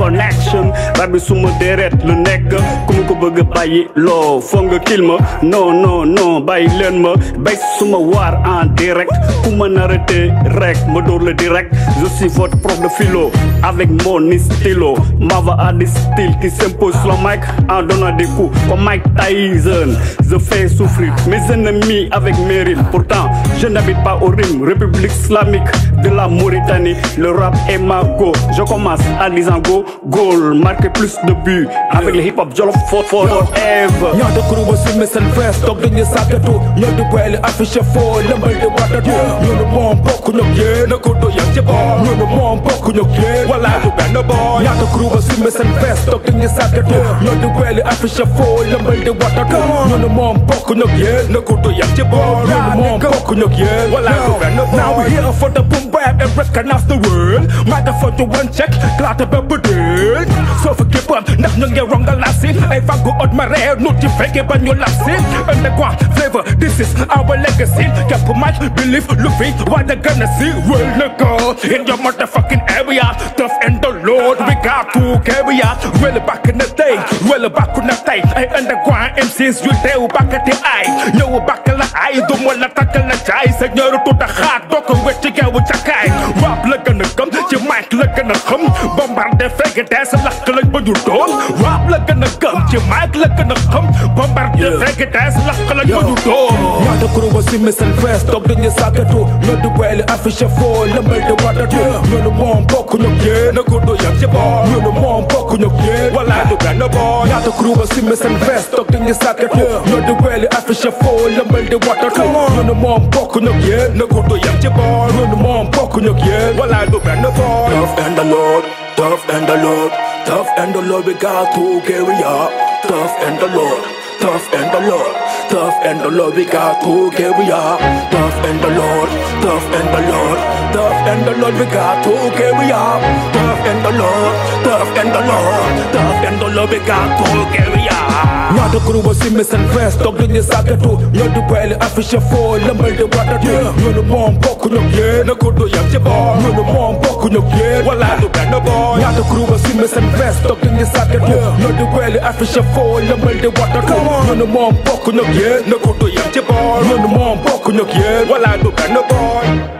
connection rabi suma deret lu ma ko bëgg a lo loo nga kil ma non non non bàyyi len ma bay suma war en direct ku narate rek ma le direct je suis votre prof de philo avec mon stylo Mava a des styles qui s'impose sur le mic en donnant des coups comme Mike Tyson je fais souffrir mes ennemis avec mes rimes pourtant je n'habite pas au Rime République islamique de la Mauritanie le rap est ma go je commence à disant goal, marquer plus de buts avec le hip hop Jolof for forever. ñoo de crew ba summi seen veste toog dañuy sàkkatu ñoo di boole affiché foo lëmbal di watatu ñoo nu moom bokk ñoog yéen a ko doyal ci boom ñoo nu moom bokk ñoog yéen the boy Yaa the crew assume seen vest toog di ñu sàggatu ñoo di weeli affiche foo lëmbal di watatu ñu ne moom bokk ñoog yéen na ko du yem ci boor ñu ne moom bokk ñoog yéen well, i benn boy Now we here for the boom bap and recognize the world Microphone to one check klaata bépp dël soo fa képp am ndax ñu ngi ronga lasi ay fàggu ot ma reer nu ci fekkee ba ñu the underground flavor this is our legacy képp match believe lu fi waa they gonna see? wël look ko in your motherfucking area Lord, we got to carry caviar. Well back in the day, well back in the day. I underground MCs, you tell back at the eye. No back in the eye, not wanna tackle the chai. Senor to the hard dog, which you get with your guy. Rob look in the gum, your mic look in the gum. Bombard the faggot ass, luck like but you don't. Rob look in the gum, your mic look in the gum. Bombard the faggot ass, luck look but you don't. Yada kuru wasi misal fest, dog in your socket too. Not the well, I fish a fall, the murder nagudu jak dziewol Nie no mom boku nyok nie Wala dobra no boy Ja to kruwa sime sen vest Tok ding sak jak yeah No the well afi się full Ja mel the water come on Nie no mom boku nyok nie Nagudu jak dziewol Nie no mom boku nyok nie Wala dobra no boy Tough and the Lord Tough and the Lord Tough and the Lord we got to carry up Tough and the Lord Tough and the Lord Tough and the Lord, we got to we are. Tough and the Lord, tough and the Lord, tough and the Lord, we got to we are. Tough and the Lord, tough and the Lord, tough and the Lord, we got to we are. Not the crew was in miss and rest, dog in the socket too. You're the belly, I fish a fall, the murder, what do. You're the bomb, book, you no good, you're the you're the bomb, book, you're the well, I look at the boy. Not the crew was in miss and rest, dog in the socket too. You're the belly, I fish a fall, the murder, what I You're the bomb, book, you yéen na ko doyam ci No mom, moom no ak yéen I do, benn boor